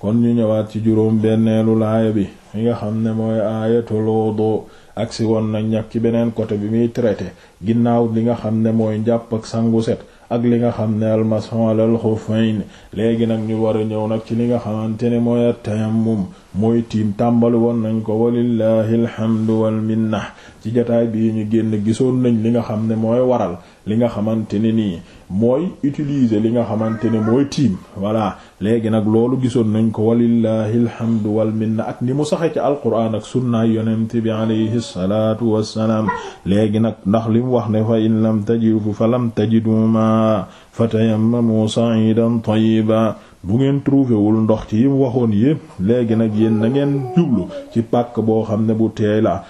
kon ñu ñëwaat ci juróom benneelu laaya bi li nga xam ne mooy aayatul wudu agsi woon nañ nag ci beneen côté bi muy traité ginnaaw li nga xam ne mooy njàpp ak sangu set ak li nga xam ne almashu alal xuffayn léegi nag ñu war a ñëw nag ci li nga xamante ne mooy at-tayammum mooy tiim tàmbali woon nañ ko walillahi alhamdu wal minna ci jataay bi ñu génn gisoon nañ li nga xam ne mooy waral li nga xamante ne nii mooy utiliser li nga xamante ne mooy tiim voilà léegi nag loolu gisoon nañ ko walillahi alhamdu wal minna ak ni mu saxe ci alquran ak sunnaay yonent bi alayhi salaatu wassalaam léegi nag ndax li wax ne fa in lam tajidu fa lam tajidu ma fatayammamu sa'idan tayyiba bu ngeen trouvé wul ndox ci waxoon yépp léegi nag yéen na ngeen jublu ci pàkk boo xam ne bu teey la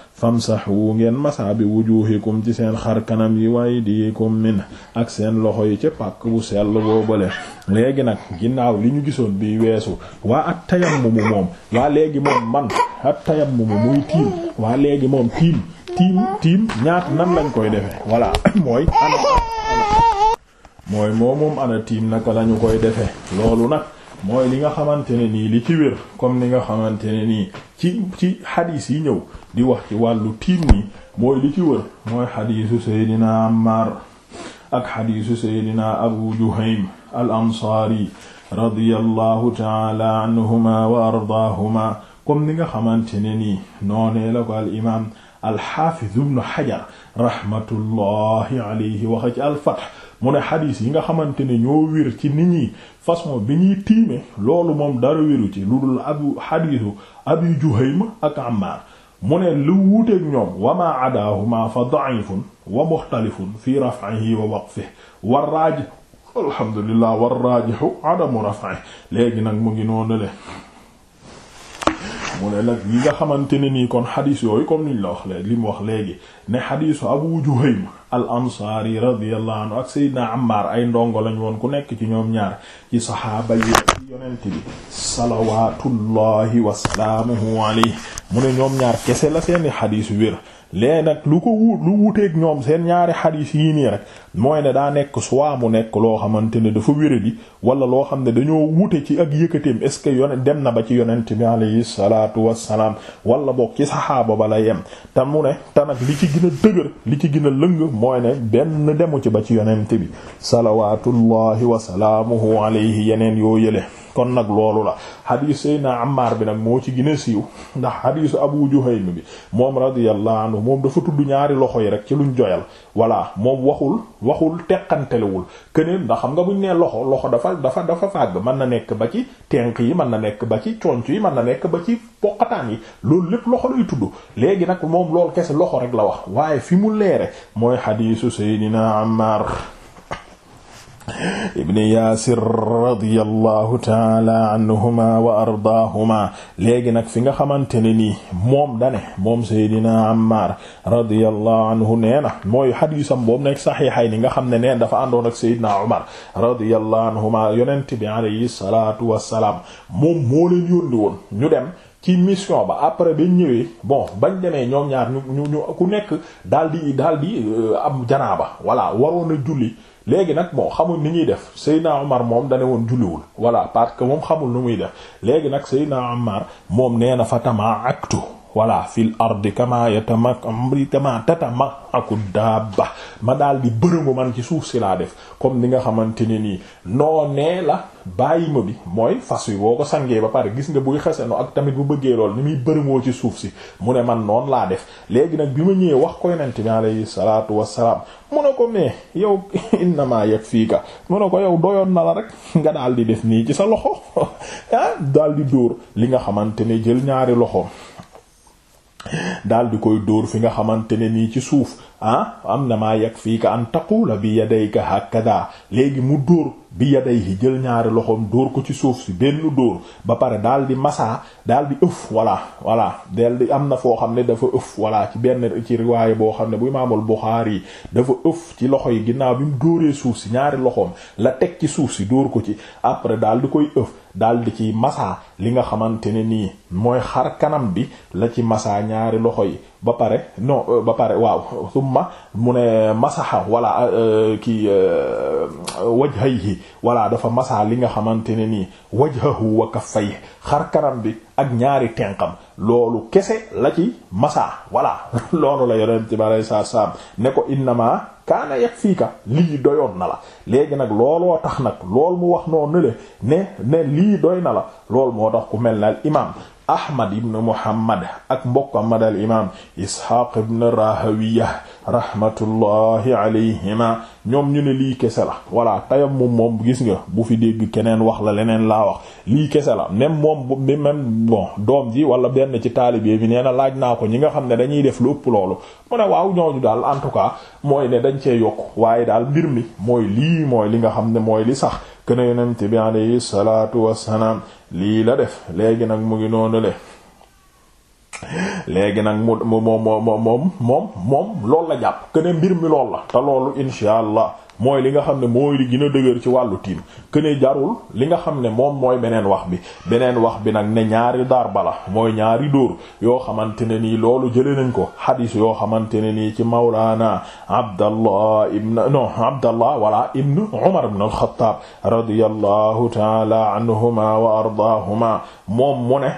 wu ngeen masaa bi wujuhikum ci seen xar kanam yi waaye di diikum min ak seen loxo yi ca pàkk bu sell boobale léegi nag ginnaaw li ñu gisoon bi weesu waa at tayammum moom waa léegi moom man at tayammum muy tiim waa léegi moom tiim tiim ñaat nan lañ koy defee voilà mooy mooy moo moom ana tiim naka lañu koy defe loolu nag mooy li nga xamante ne nii li ci wir comme ni nga xamante ne nii ci ci xadiis yi ñëw di wax ci wàllu tiim nii mooy li ci wër mooy xadiisu seydina Ammar ak xadiisu seydina Abu Juhaym al ansaari radiyallahu taala anhuma wa ardaahuma comme ni nga xamante ne nii noonee la ko al imaam al xaafiz ibnu Hajar rahmatullahi alayhi waxa ci al Fath mu ne xadiis yi nga xamante ne ñoo wér ci nit ñi façon bi ñuy tiime loolu moom dara wéru ci lu dul abu xadiisu abi Juhaym ak Ammaar mu ne lu wuuteeg ñoom wa maa adaahuma fa da'ifun wa muxtalifun fi raf'ihi wa waqfihi wa raajih alhamdulillah wa raajih adamu raf'ihi léegi nag mu ngi noonu le mu ne nag yi nga xamante ne nii kon xadiis yooyu comme niñ la wax léegi li mu wax léegi ne xadiisu Abu Juhaym al ansaari radiyallahu anhu ak Seydina Ammaar ay ndongo lañ woon ku nekk ci ñoom ñaar ci saxaaba yi ci yonent bi salawaatullahi wasalaamuhu alayhi mu ne ñoom ñaar kese la seeni xadiis wér léegi nag lu ko wut lu wuteeg ñoom seen ñaari xadiis yi nii rek mooy ne daa nekk soit mu nekk loo xamante ne dafa wéradi wala loo xam ne dañoo wute ci ak yëkkateem est ce que yone dem na ba ci yonent bi alayhi salaatu wassalaam wala boog ci saxaaba ba la yem tamu mu ne te li ci gina a dëgër li ci gën a lëng mooy ne benn demu ci ba ci yonent bi salawaatullahi wasalaamuhu alayhi yeneen yoo yële kon nag loolu la xadiis Seydina amaar bi nag moo ci gën a siiw ndax xadiisu Abu Juhaym bi moom radiyallahu anhu moom dafa tudd ñaari loxo yi rek ci luñ joyal voilà moom waxul waxul teqantelewul keneen ndax xam nga buñ nee loxo loxo dafa dafa dafa fàgg mën na nekk ba ci tenq yi mën na nekk ba ci conc yi man na nekk ba ci poqataan yi loolu lépp loxo lay tudd léegi nag moom loolu kese loxo rek la wax waaye fi mu leere mooy xadiisu na Ammaar ibni yaasir radiyallahu taala léegi nag fi nga xamante ne nii moom dane moom seydina ammar radiyallahu anhu nee na mooy xadiisam boobu nekk saxiixay ni nga xam ne neen dafa àndoon ak seydina umar radiyallahu anhuma yonent bi alayhi salaatu wassalaam moom moo leen yónni woon ñu dem ci mission ba après bañ ñëwee bon bañ demee ñaar ñu ku nekk daal di daal di euh, am janaaba voilà waroon a julli léegi nag moo xamul ni ñuy def Seydina Omar moom dane woon julliwul voilà parce que moom xamul nu muy def léegi nag Seydina Omar moom nee na fa tama aktu walla fil ardi kama yatama kama tatama aku dabba ma daal di bërëngu man ci suuf si laa def comme li nga xamante ne nii noonee la bàyyi ma bi mooy fas wi boo ko sangee ba pare gis nga buy xeseno ak tamit bu bëggee lool ni muy bërëngoo ci suuf si mu ne man noon laa def léegi nag bi ma ñëwee wax ko yonent bi alayhi salaatu wassalaam mu ne ko mais yow innama yakfiika mu ne ko yow doyoon na la rek nga daal di def nii ci sa loxo ah daal di dóor li nga xamante ne jël ñaari loxoom daal di koy dóor fi nga xamante ne nii ci suuf ah am na ma yag fii ka an taqula bi yadayka hakada léegi mu dóor bi yadayhi jël ñaari loxoom dóor ko ci suuf si benn dóor ba pare daal di masaa daal di ëf voilà voilà del di am na foo xam ne dafa ëf voilà ci benn ci riwaay boo xam ne bu imaamul yi dafa ëf ci loxo yi ginnaaw bi mu dóoree suuf si ñaari loxoom la teg ci suuf si dóor ko ci après daal di koy ëf daal di ci masaa li nga xamante ne nii mooy xar kanam bi la ci masaa ñaari loxo yi ba pare no euh, ba pare waaw summa mu ne masaha wala euh, ki euh, wajhayhi walla dafa masaa li nga xamante ne nii wajhahu wa kaffayhi xar kanam bi ak ñaari tenqam loolu kese la ci masaa walla loolu la yonent bi alayhi salaatu salaam ne ko innama kaana fii yakfiika lii doyoon na la léegi nag looloo tax nag lool mu wax noonu le ne ne lii doy na la lool moo tax ku mel ne imaam ahmad ibn muhammad ak mbokkam al imaam isxaaq ibn rahawiya rahmatullahi alayhima ñoom ñu ne lii kese la voilà tayam moom moom gis nga bu fi dégg keneen wax la leneen laa wax lii kese la même moom bi même bon doom ji wala benn ci taalibe bi nee na laaj naa ko ñi nga xam ne dañuy def lu ëpp loolu mu ne waaw ñooñu daal en tout cas mooy ne dañ cee yokk waaye daal mbir mi mooy lii mooy li nga xam ne mooy li sax kuene yonent bi alayhi salaatu wassalaam lii la def léegi nag mu ngi noonu le léegi nag mu moom moom moom moom moom loolu la jàpp kuene mbir mi lool la te loolu insha allah mooy li nga xam ne mooy li gën a dëgër ci wàllu tiim këne jarul li nga xam ne moom mooy beneen wax bi beneen wax bi nag ne ñaari dar la mooy ñaari dóor yoo xamante ne nii loolu jëlee nañ ko xadiis yoo xamante ne nii ci mawlaana abdallah ibn non abdallah wala ibn umar ibn al-Xattaab radiyallahu taala anhuma wa ardaahuma moom mu ne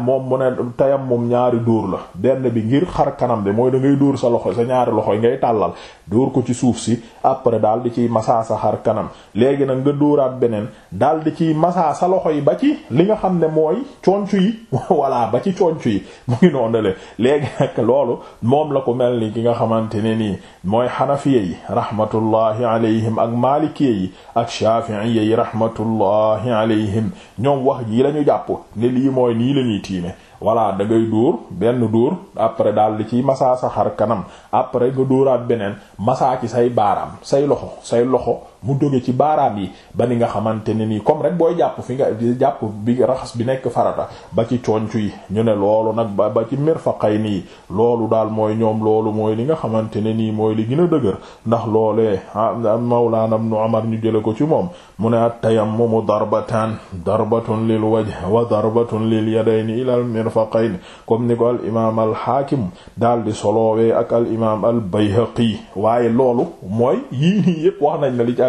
moom mu ne tayammum ñaari dóor la benn bi ngir xar kanam de mooy da ngay dóor sa loxo sa ñaari loxo yi ngay tàllal dóor ko ci suuf si après daal di ciy masaa sa xar kanam léegi nag nga dóoraat beneen daldi ciy masaa sa loxo yi ba ci li nga xam ne mooy concu yi walla ba ci concu yi mu ngi noonu léegi nag loolu moom la ko mel ni ki nga xamante ne nii mooy xanafiye yi rahmatullahi alayhim ak maalikiye yi ak shafi'iye yi rahmatullahi alayhim ñoom wax jii lañu ñu jàpp ne lii mooy nii la ñuy tiime voilà da ngay dóor benn dóor après daal di ci masaa sa xar kanam après nga dóoraat beneen masaa ci say baaraam say loxo say loxo mu doge ci baaraam yi ba ni nga xamante ne nii comme rek booy jàpp fi nga jàpp bi raxas bi nekk farata ba ci conc yi ñu ne loolu nag ba ba ci mirfaqayni yi loolu daal mooy ñoom loolu mooy li nga xamante ne nii mooy li gën a dëgër ndax loolee ah, mawlaana ibnu Umar ñu jële ko ci moom mu ne at-tayammumu darbatan darbatun lil wajh wa darbatun lil yadayni ila al mirfaqayn comme ni ko al imaam al haakim daal di soloowee ak al imaam al bayhaqi waaye loolu mooy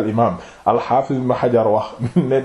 al imaam alxaafiz ibn Hajar wax ne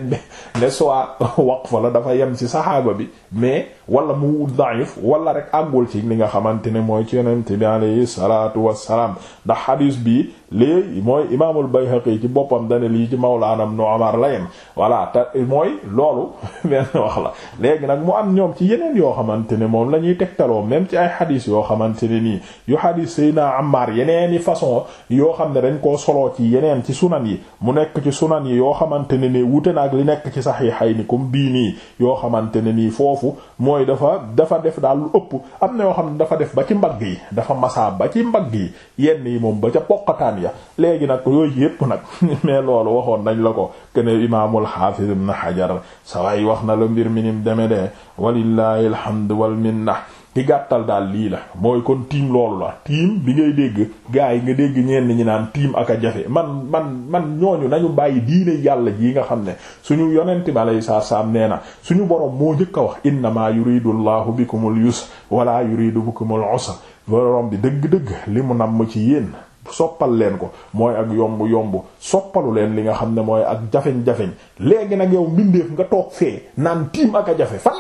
ne soit waqfa la dafa yem ci saxaaba bi mais wala mu da'if wala rek àggul ci li nga xamante ne mooy ci yonent bi alayhi salaatu wassalaam ndax xadiis bi lii mooy imaamul Bayhaqi ci boppam dane lii ci Mawlaana Ibnu Umar layem voilà ta mooy loolu benn wax la léegi nag mu am ñoom ci yeneen yoo xamante ne moom la ñuy tegtaloo même ci ay xadis yoo xamante ne nii yu xadis Seydina Ammar yeneen i façon yoo xam ne dañ koo soloo ci yeneen ci sunan yi mu nekk ci sunan yi yoo xamante ne nii wute na ak li nekk ci yi saxiixayni comme bii nii yoo xamante ne nii foofu mooy dafa dafa def daal lu ëpp am na yoo xam ne dafa def ba ci mbagg yi dafa masaa ba ci mbagg yi yenn yi moom ba ca poqataan ya léegi nag yooyu yëpp nag mais loolu waxoon nañ la ko kene imaamul xaafiz ibn Hajar sa waay wax na la mbir mi nim deme de walillahi alhamdu wal na ci gàttal daal lii la mooy kon tiim loolu la tiim bi ngay dégg gars yi nga dégg ñenn ñi naan tiim ak a jafe man man man ñooñu nañu bàyyi diine yàlla ji nga xam ne suñu yonent bi alayhi salaam nee na suñu borom moo njëkk a wax innamaa yuridu llahu bikumul yusra wala yuridu bikumul usra borom bi dëgg-dëgg li mu namm ci yéen soppal leen ko mooy ak yomb yomb soppalu leen li nga xam ne mooy ak jafeñ-jafeñ léegi nag yow mbindeef nga toog fee naan tiim ak jafe fan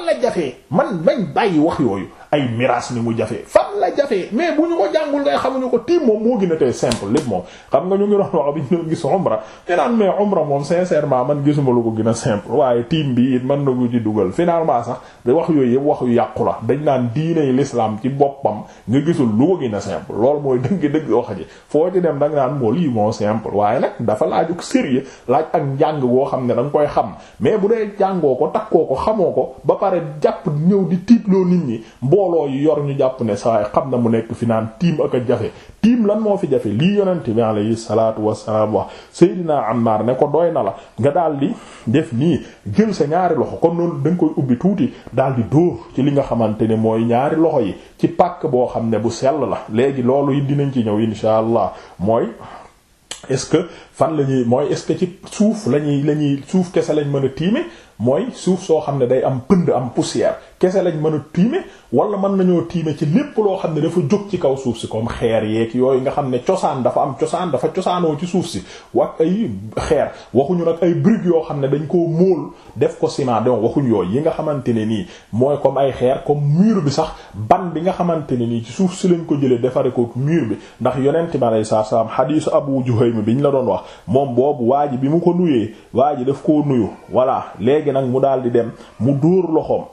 man bañ bàyyi wax yooyu ay miraas ni mu jafee fan la jafee mais bu ñu ko jàngul ngay xamuñu ko tiim moom moo gën a tey simple lépp moom xam nga ñu ngi doon wax bi ñu doon gis ko gën a simple waaye tiim bi it mën na ko ci dugal sax da wax yooyu yëpp wax yu yàqu la dañ naan diine yi l'islam ci boppam nga gisul lu ko gën a simple loolu mooy dëgg-dëgg wax ji foo ci dem da nga naan moo lii moo simple waaye nag dafa laajug sérieux laaj ak njàng boo xam ne da nga koy xam mais bu dee jàngoo ko takkoo ko xamoo ko ba pare jàpp ñëw di tiitloo nit ñi mbooloo yi yor ñu jàpp ne saa xam na mu nekk fi naan tiim ak a jafe tiim lan moo fi jafe lii yonent bi alayhi salaatu wassalaam wax Seydina Ammar ne ko doy na la nga daal di def nii jël sa ñaari loxo kon noonu da koy ubbi tuuti daal di dóor ci li nga xamante ne mooy ñaari loxo yi ci pàkk boo xam ne bu sell la léegi loolu yi dinañ ci ñëw insha allah mooy. est-ce que fan la ñuy mooy est-ce que ci suuf la ñuy la ñuy suuf kese lañ mën a tiime mooy suuf soo xam ne day am pënd am poussière kese lañ mën a tiime wala mën nañoo tiime ci lépp loo xam ne dafa jóg ci kaw suuf si comme xeer yeeg yooyu nga xam ne cosaan dafa am cosaan dafa cosaanoo ci suuf si wax ay xeer waxuñu nag ay briques yoo xam ne dañ koo móol def ko ciment donc waxuñu yooyu yi nga xamante ne nii mooy comme ay xeer comme mur bi sax ban bi nga xamante ne nii ci suuf si lañ ko jëlee defare ko mur bi ndax yonent bi alayhi salaam xadiisu Abu Juhaym biñ la doon wax moom boobu waa ji bi mu ko nuyee waa ji daf koo nuyu voilà léegi nag mu daal di dem mu dóor loxoom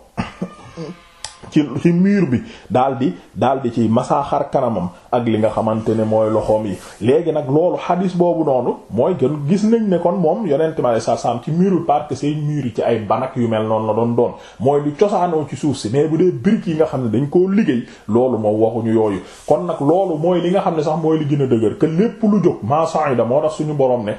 ci ci mur bi daldi di di ci masaa xar kanamam ak li nga xamante ne mooy loxoom yi léegi nag loolu xadis boobu noonu mooy gën gis nañ ne kon moom yonent ma sa sam ci muru parce que say muru ci ay banak yu mel noonu la doon doon mooy lu cosaanoo ci suuf si mais bu dee briques yi nga xam ne dañ koo liggéey loolu moom waxuñu yooyu kon nag loolu mooy li nga xam ne sax mooy li gën a dëgër que lépp lu jóg maa sa'ida moo tax suñu borom ne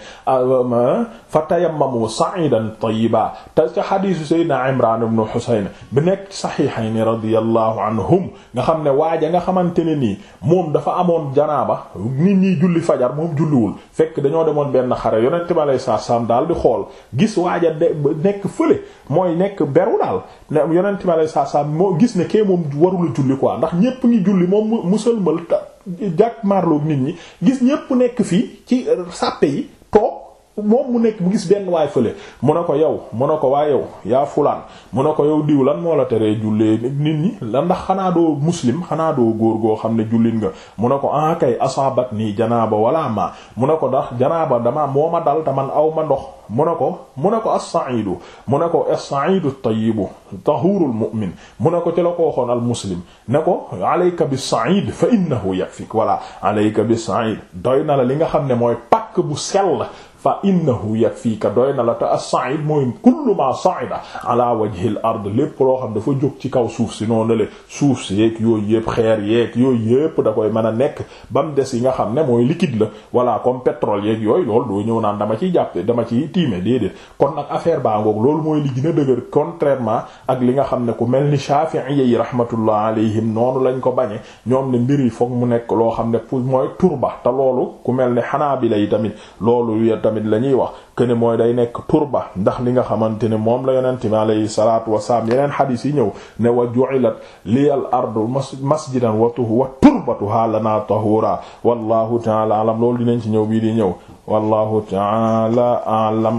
fa tayammamu sa'idan tayyiba te ca xadisu sayyidina Imran ibn Husayn bi nekk saxiixayni radiyallahu anhum nga xam ne waaja nga xamante ne nii moom dafa amoon ba nit ñiy julli fajar moom julliwul fekk dañoo demoon benn xare yonent bi alayhi salaatu salaam daal di xool gis waaja de nekk fële mooy nekk beru daal yonent bi alayhi salaatu salaam moo gis ne kee moom warula julli quoi ndax ñépp ngi julli moom musalmal jàkk marloog nit ñi gis ñépp nekk fii ci sàppe yi toog moom mu nekk mu gis benn waay fële mu ne ko yow mu ne ko waaye yow yaa fulaan mu ne ko yow diw lan moo la teree jullee nit ñi lan ndax xanaa doo muslim xanaa doo góor goo xam ne jullit nga mu ne ko ah kay asaabat nii janaaba wala ma mu ne ko ndax janaaba dama moo ma dal te man aw ma ndox mu ne ko mu ne ko as-sa'idu mu ne ko as-sa'idu at-tayyibu tahurul mu'min mu ne ko ci la ko waxoon al muslim ne ko alayka bis-sa'id fa innahu yakfik wala alayka bis-sa'id doy na la li nga xam ne mooy pakk bu sell fa innahu ka doy na la te as-sa'id mooy kullu ma sa'ida ala wajhi al-ard lépp loo xam dafa jóg ci kaw suuf si noonu la suuf si yeeg yooyu yëpp xeer yeeg yooyu yëpp da koy mën a nekk ba mu des yi nga xam ne mooy liquide la voilà comme pétrole yeeg yooyu loolu doo ñëw naan dama ciy jàppe dama ciy tiime déedéet kon nag affaire baa loolu mooy li gën a dëgër contrairement ak li nga xam ne ku mel ni Shafi'i yi rahmatullah alayhim noonu lañ ko bañe ñoom ne mbir yi foog mu nekk loo xam ne pour mooy turba te loolu ku mel ni Hanabila yi tamit loolu tamit la ñuy wax kene mooy day nekk turba ndax li nga xamante ne moom la yonente bi alayhi salatu wasalaam yeneen xadiis yi ñëw ne wa ju'ilat li al ardu masjidan wa turbatuha lana tahura wallahu taala alam loolu dinañ ci ñëw bii di ñëw wallahu taala alam